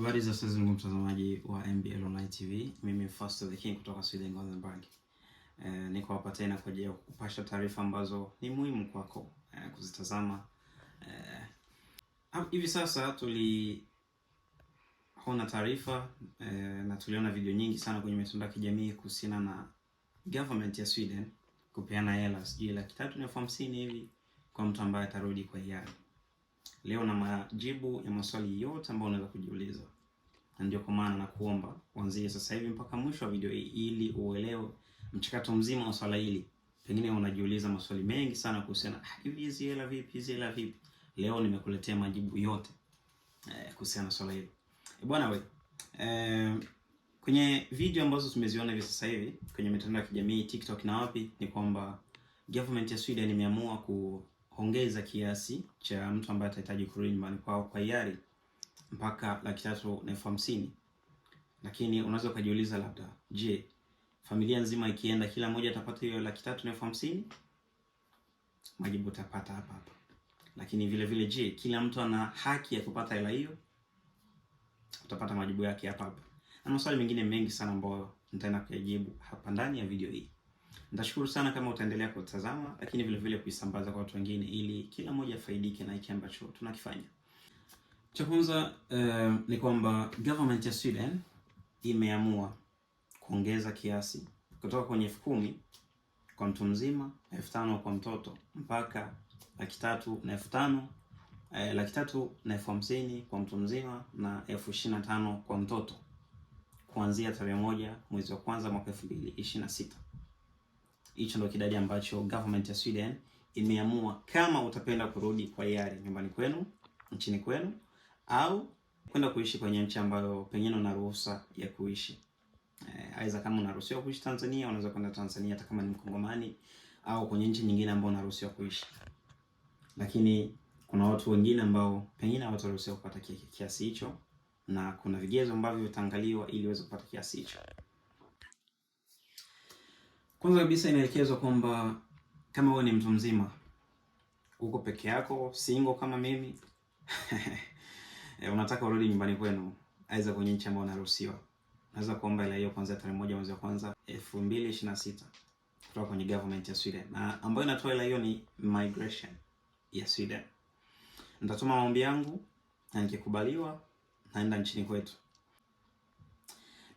Habari za sasa ndugu mtazamaji wa MBL Online TV. Mimi Fasto the King kutoka Sweden Gothenburg. E, niko hapa tena kwa ajili ya kupasha taarifa ambazo ni muhimu kwako e, kuzitazama. Eh, hivi E, sasa tuli tuliona taarifa e, na tuliona video nyingi sana kwenye mitandao ya kijamii kuhusiana na government ya Sweden kupeana hela sijui laki tatu na elfu hamsini hivi kwa mtu ambaye atarudi kwa hiari. Leo na majibu ya maswali yote ambayo unaweza kujiuliza, na ndio kwa maana nakuomba kuanzia sasa hivi mpaka mwisho wa video hii ili uelewe mchakato mzima wa swala hili. Pengine unajiuliza maswali mengi sana kuhusiana ah, hivi, hizi hela vipi, hizi hela vipi? Leo nimekuletea majibu yote eh, kuhusiana na swala hili e, bwana we eh, kwenye video ambazo tumeziona hivi sasa hivi kwenye mitandao ya kijamii TikTok na wapi, ni kwamba government ya Sweden imeamua ku kuongeza kiasi cha mtu ambaye atahitaji kurudi nyumbani kwao kwa hiari mpaka laki tatu na elfu hamsini. Lakini unaweza ukajiuliza labda, je, familia nzima ikienda kila mmoja atapata hiyo laki tatu na elfu hamsini? Majibu utapata hapa hapa. Lakini vile vile, je, kila mtu ana haki ya kupata hela hiyo? Utapata majibu yake hapa hapa, na maswali mengine mengi sana ambayo nitaenda kuyajibu hapa ndani ya video hii. Nitashukuru sana kama utaendelea kutazama, lakini vile vile kuisambaza kwa watu wengine, ili kila mmoja afaidike na hiki ambacho tunakifanya. Cha kwanza uh, ni kwamba government ya Sweden imeamua kuongeza kiasi kutoka kwenye elfu kumi kwa mtu mzima, elfu tano kwa mtoto mpaka laki tatu na elfu tano eh, laki tatu na elfu hamsini kwa mtu mzima na elfu ishirini na tano kwa mtoto kuanzia tarehe moja mwezi wa kwanza mwaka elfu mbili ishirini na sita hicho ndio kidadi ambacho government ya Sweden imeamua kama utapenda kurudi kwa hiari nyumbani kwenu, nchini kwenu, au kwenda kuishi kwenye nchi ambayo pengine una ruhusa ya kuishi. E, kama unaruhusiwa kuishi Tanzania, unaweza kwenda Tanzania hata kama ni Mkongomani au kwenye nchi nyingine ambayo unaruhusiwa kuishi. Lakini kuna watu wengine ambao pengine hawataruhusiwa kupata kiasi hicho na kuna vigezo ambavyo vitaangaliwa ili uweze kupata kiasi hicho. Kwanza kabisa inaelekezwa kwamba kama wewe ni mtu mzima uko peke yako single kama mimi e, unataka urudi nyumbani kwenu, aidha kwenye nchi ambayo unaruhusiwa, unaweza kuomba ile hiyo kuanzia tarehe moja mwezi wa kwanza 2026 kutoka kwenye government ya Sweden, na ambayo inatoa ile hiyo ni migration ya Sweden. Nitatuma maombi yangu na nikikubaliwa naenda nchini kwetu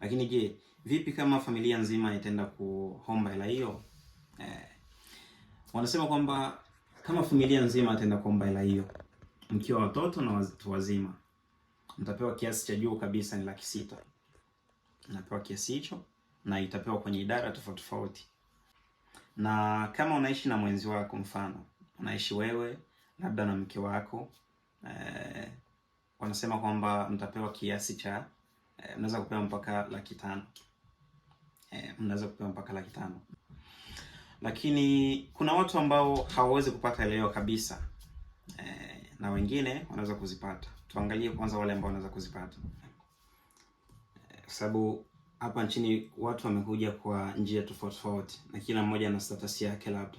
lakini je, vipi kama familia nzima itaenda kuomba hela hiyo? Eh, wanasema kwamba kama familia nzima itaenda kuomba hela hiyo, mkiwa watoto na watu wazima, mtapewa kiasi cha juu kabisa, ni laki sita. Mnapewa kiasi hicho na itapewa kwenye idara tofauti tofauti. Na kama unaishi na mwenzi wako, mfano unaishi wewe labda na mke wako eh, wanasema kwamba mtapewa kiasi cha eh, mnaweza kupewa mpaka laki tano eh, mnaweza kupewa mpaka laki tano lakini kuna watu ambao hawawezi kupata leo kabisa eh, na wengine wanaweza kuzipata. Tuangalie kwanza wale ambao wanaweza kuzipata eh, kwa sababu hapa nchini watu wamekuja kwa njia tofauti tofauti na kila mmoja ana status yake labda.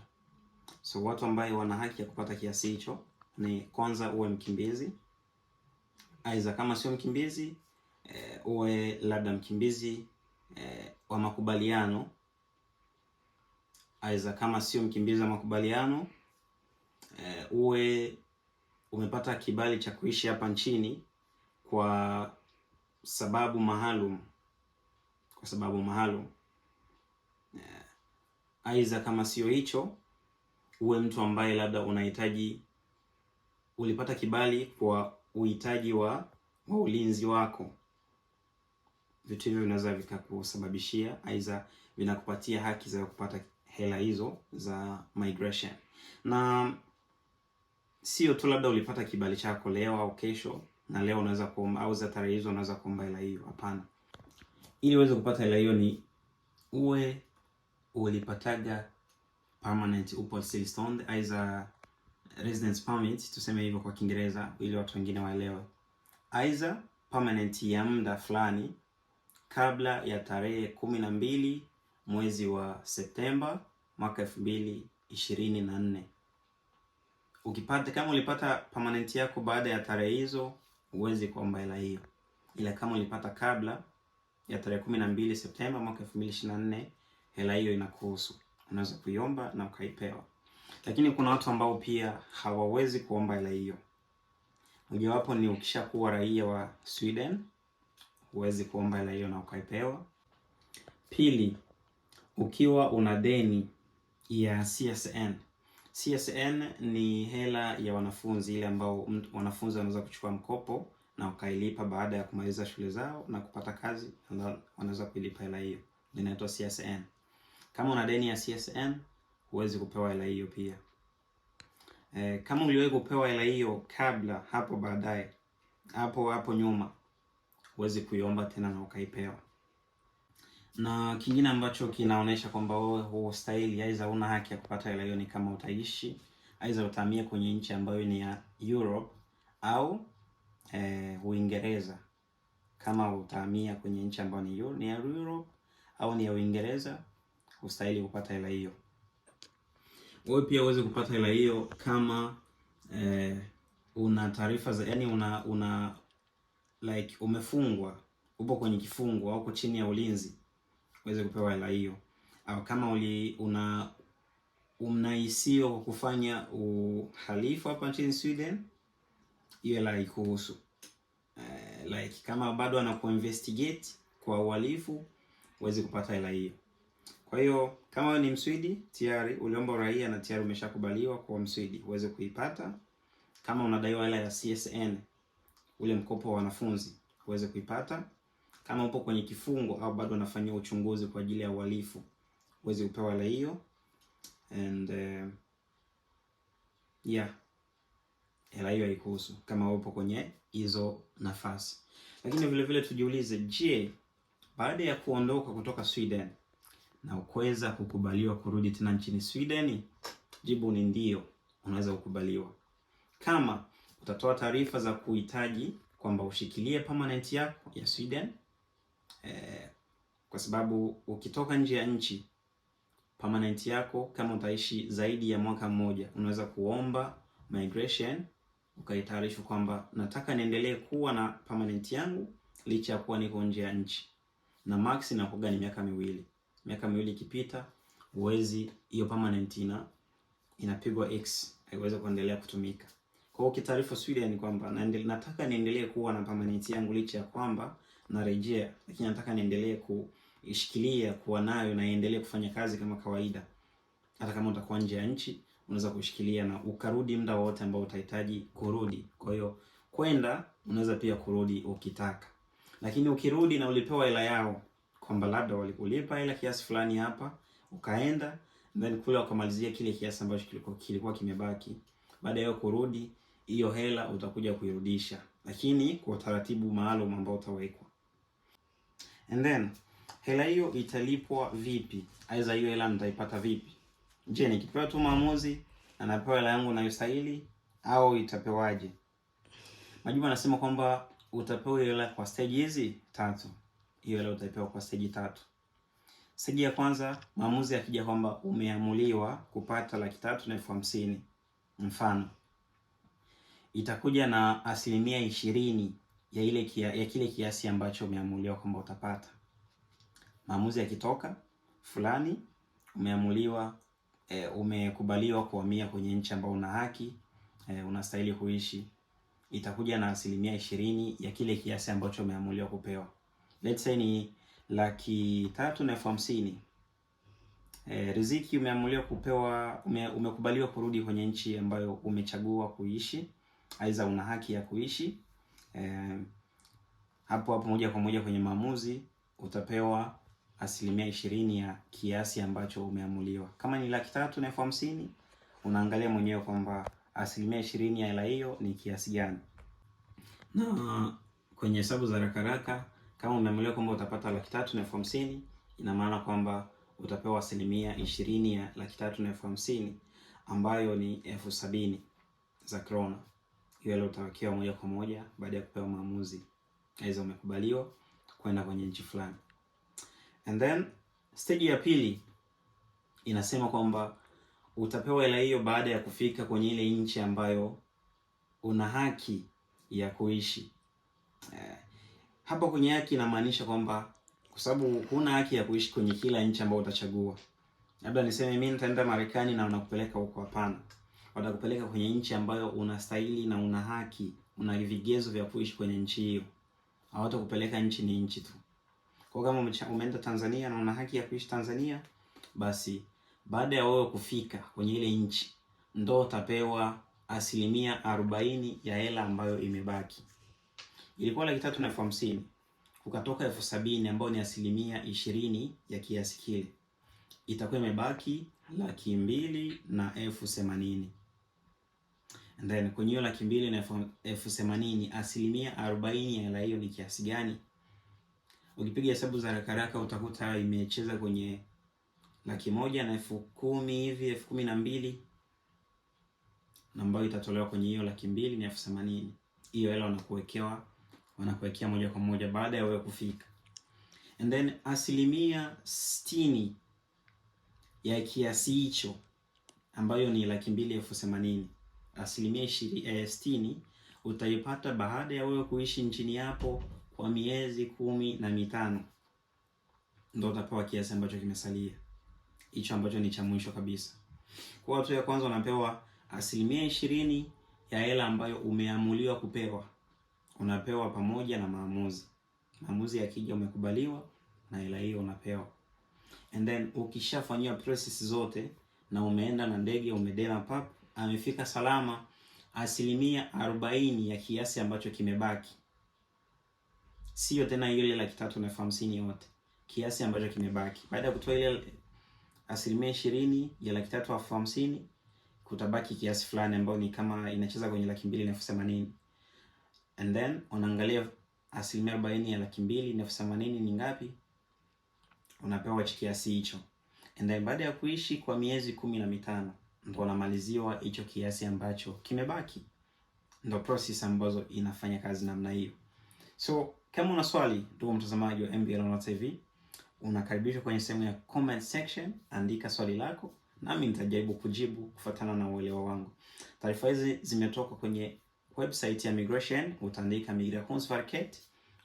So watu ambao wana haki ya kupata kiasi hicho ni kwanza uwe mkimbizi, aidha kama sio mkimbizi eh, uwe labda mkimbizi eh, wa makubaliano aidha, kama sio mkimbizi wa makubaliano eh, uwe umepata kibali cha kuishi hapa nchini kwa sababu maalum, kwa sababu maalum eh, aidha, kama sio hicho uwe mtu ambaye labda unahitaji ulipata kibali kwa uhitaji wa ulinzi wako vitu hivyo vinaweza vikakusababishia, aidha vinakupatia haki za kupata hela hizo za migration. Na sio tu labda ulipata kibali chako leo au kesho, na leo unaweza kuomba au za tarehe hizo unaweza kuomba hela hiyo. Hapana, ili uweze kupata hela hiyo ni uwe ulipataga permanent upo stand aidha residence permit, tuseme hivyo kwa Kiingereza ili watu wengine waelewe, aidha permanent ya muda fulani kabla ya tarehe kumi na mbili mwezi wa Septemba mwaka elfu mbili ishirini na nne. Ukipata kama ulipata permanent yako baada ya tarehe hizo huwezi kuomba hela hiyo, ila kama ulipata kabla ya tarehe kumi na mbili Septemba mwaka elfu mbili ishirini na nne hela hiyo inakuhusu, unaweza kuiomba na ukaipewa. Lakini kuna watu ambao pia hawawezi kuomba hela hiyo, mojawapo ni ukishakuwa raia wa Sweden huwezi kuomba hela hiyo na ukaipewa. Pili, ukiwa una deni ya CSN. CSN ni hela ya wanafunzi ile ambao wanafunzi wanaweza kuchukua mkopo na ukailipa baada ya kumaliza shule zao na kupata kazi, wanaweza kuilipa hela hiyo, inaitwa CSN. Kama una deni ya CSN huwezi kupewa hela hiyo pia. E, kama uliwahi kupewa hela hiyo kabla hapo baadaye hapo hapo nyuma uweze kuiomba tena na ukaipewa. Na kingine ambacho kinaonyesha kwamba wewe hustahili aidha una haki ya kupata hela hiyo ni kama utaishi aidha utahamia kwenye nchi ambayo ni ya Europe au e, Uingereza. Kama utahamia kwenye nchi ambayo ni, ni ya Europe au ni ya Uingereza hustahili kupata hela hiyo. Wewe pia uweze kupata hela hiyo kama e, una taarifa za yani una, una like umefungwa, upo kwenye kifungo au uko chini ya ulinzi, uweze kupewa hela hiyo, au kama uli una unaisiwa kwa kufanya uhalifu hapa nchini Sweden, hiyo hela ikuhusu. Uh, eh, like kama bado investigate kwa uhalifu, uweze kupata hela hiyo. Kwa hiyo kama ni Mswidi tayari uliomba uraia na tayari umeshakubaliwa kuwa Mswidi, uweze kuipata. Kama unadaiwa hela ya CSN ule mkopo wa wanafunzi uweze kuipata. Kama upo kwenye kifungo au bado unafanyia uchunguzi kwa ajili ya uhalifu, uweze kupewa la hiyo and uh, yeah hela hiyo haikuhusu kama upo kwenye hizo nafasi. Lakini vile vile tujiulize, je, baada ya kuondoka kutoka Sweden na ukuweza kukubaliwa kurudi tena nchini Sweden? Jibu ni ndio, unaweza kukubaliwa kama utatoa taarifa za kuhitaji kwamba ushikilie permanent yako ya Sweden eh, kwa sababu ukitoka nje ya nchi permanent yako kama utaishi zaidi ya mwaka mmoja, unaweza kuomba migration ukaitayarishwa kwamba nataka niendelee kuwa na permanent yangu licha ya kuwa niko nje ya nchi, na max inakuwa ni miaka miwili. Miaka miwili ikipita, uwezi hiyo permanent ina inapigwa x haiwezi kuendelea kutumika. Kwa hiyo kitaarifa Sweden ni kwamba nataka niendelee kuwa na permanent yangu licha ya kwamba narejea, lakini nataka niendelee kuishikilia kuwa nayo na iendelee kufanya kazi kama kawaida. Hata kama utakuwa nje ya nchi, unaweza kushikilia na ukarudi muda wote ambao utahitaji kurudi. Kwa hiyo kwenda unaweza pia kurudi ukitaka, lakini ukirudi na ulipewa hela yao kwamba labda walikulipa ila kiasi fulani hapa, ukaenda then kule wakamalizia kile kiasi ambacho kilikuwa kilikuwa kimebaki, baada ya kurudi hiyo hela utakuja kuirudisha, lakini kwa utaratibu maalum ambao utawekwa. And then hela hiyo italipwa vipi? Aidha, hiyo hela nitaipata vipi? Je, nikipewa tu maamuzi na napewa hela yangu inayostahili au itapewaje? Majibu anasema kwamba utapewa hiyo hela kwa stage hizi tatu. Hiyo hela utapewa kwa stage tatu. Stage ya kwanza, maamuzi yakija kwamba umeamuliwa kupata laki tatu na elfu hamsini mfano itakuja na asilimia ishirini ya ile kia, ya kile kiasi ambacho umeamuliwa kwamba utapata. Maamuzi yakitoka fulani umeamuliwa e, umekubaliwa kuhamia kwenye nchi ambayo una haki e, unastahili kuishi, itakuja na asilimia ishirini ya kile kiasi ambacho umeamuliwa kupewa. Let's say ni laki tatu na elfu hamsini. E, riziki umeamuliwa kupewa ume, umekubaliwa kurudi kwenye nchi ambayo umechagua kuishi aidha una haki ya kuishi eh, hapo hapo moja kwa moja kwenye maamuzi utapewa asilimia ishirini ya kiasi ambacho umeamuliwa. Kama ni laki tatu na elfu hamsini unaangalia mwenyewe kwamba asilimia ishirini ya hela hiyo ni kiasi gani. Na kwenye hesabu za haraka haraka, kama umeamuliwa kwamba utapata laki tatu na elfu hamsini ina maana kwamba utapewa asilimia ishirini ya laki tatu na elfu hamsini ambayo ni elfu sabini za krona ile aliyotakiwa moja kwa moja baada ya kupewa maamuzi, aidha umekubaliwa kwenda kwenye nchi fulani. And then stage ya pili inasema kwamba utapewa hela hiyo baada ya kufika kwenye ile nchi ambayo una haki ya kuishi. Eh, hapa kwenye haki inamaanisha kwamba kwa sababu huna haki ya kuishi kwenye kila nchi ambayo utachagua. Labda niseme mimi nitaenda Marekani na unakupeleka huko, hapana watakupeleka kwenye nchi ambayo unastahili na una haki, una vigezo vya kuishi kwenye nchi hiyo. Hawatakupeleka nchi ni nchi tu. Kwa kama umeenda Tanzania na una haki ya kuishi Tanzania, basi baada ya wewe kufika kwenye ile nchi ndo utapewa asilimia arobaini ya hela ambayo imebaki. Ilikuwa laki tatu na elfu hamsini ukatoka elfu sabini ambayo ni asilimia ishirini ya kiasi kile, itakuwa imebaki laki mbili na elfu themanini. And then kwenye hiyo laki mbili na elfu themanini asilimia arobaini ya hela hiyo ni kiasi gani? Ukipiga hesabu za haraka haraka utakuta imecheza kwenye laki moja na elfu kumi hivi elfu kumi na mbili ambayo itatolewa kwenye hiyo laki mbili na elfu themanini. Hiyo hela wanakuwekewa wanakuwekea moja kwa moja baada ya wewe kufika. And then asilimia sitini ya kiasi hicho ambayo ni laki mbili elfu themanini asilimia eh, sitini utaipata baada ya wewe kuishi nchini yapo kwa miezi kumi na mitano, ndo utapewa kiasi ambacho kimesalia, hicho ambacho ni cha mwisho kabisa. Kwa hatua ya kwanza unapewa asilimia ishirini ya hela ambayo umeamuliwa kupewa, unapewa pamoja na maamuzi. Maamuzi yakija umekubaliwa na hela hiyo unapewa, and then ukishafanyiwa process zote na umeenda na ndege umedema pap amefika salama asilimia arobaini ya kiasi ambacho kimebaki, sio tena ile laki tatu na elfu hamsini yote, kiasi ambacho kimebaki baada ya kutoa ile asilimia ishirini ya laki tatu elfu hamsini kutabaki kiasi fulani ambayo ni kama inacheza kwenye laki mbili na elfu themanini and then unaangalia asilimia arobaini ya laki mbili na elfu themanini ni ngapi, unapewa kiasi hicho and then baada ya kuishi kwa miezi kumi na mitano ndo unamaliziwa hicho kiasi ambacho kimebaki. Ndo process ambazo inafanya kazi namna hiyo. So kama una swali, ndugu mtazamaji wa MBL Online TV, unakaribishwa kwenye sehemu ya comment section, andika swali lako nami nitajaribu kujibu kufuatana na uelewa wangu. Taarifa hizi zimetoka kwenye website ya Migration, utaandika migrationsverket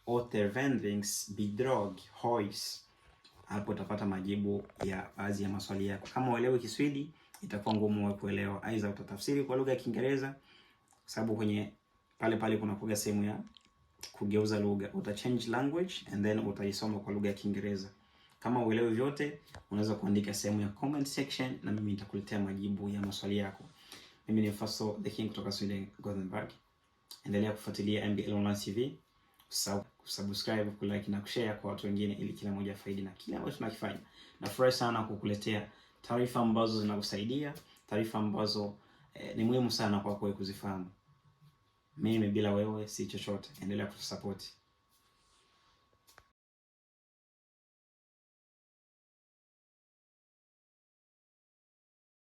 återvandringsbidrag HOIS, hapo utapata majibu ya baadhi ya maswali yako. Kama uelewi Kiswidi itakuwa ngumu wewe kuelewa, aidha utatafsiri kwa lugha ya Kiingereza, kwa sababu kwenye pale pale kuna kuga sehemu ya kugeuza lugha, uta change language and then utaisoma kwa lugha ya Kiingereza. Kama uelewi vyote, unaweza kuandika sehemu ya comment section na mimi nitakuletea majibu ya maswali yako. Mimi ni Faso the King kutoka Sweden Gothenburg. Endelea kufuatilia MBL Online TV, kusubscribe, kulike na kushare kwa watu wengine, ili kila mmoja afaidi na kila ambacho tunakifanya. Nafurahi sana kukuletea taarifa ambazo zinakusaidia, taarifa ambazo eh, ni muhimu sana kwako kuzifahamu. Mimi bila wewe si chochote. Endelea kutusapoti.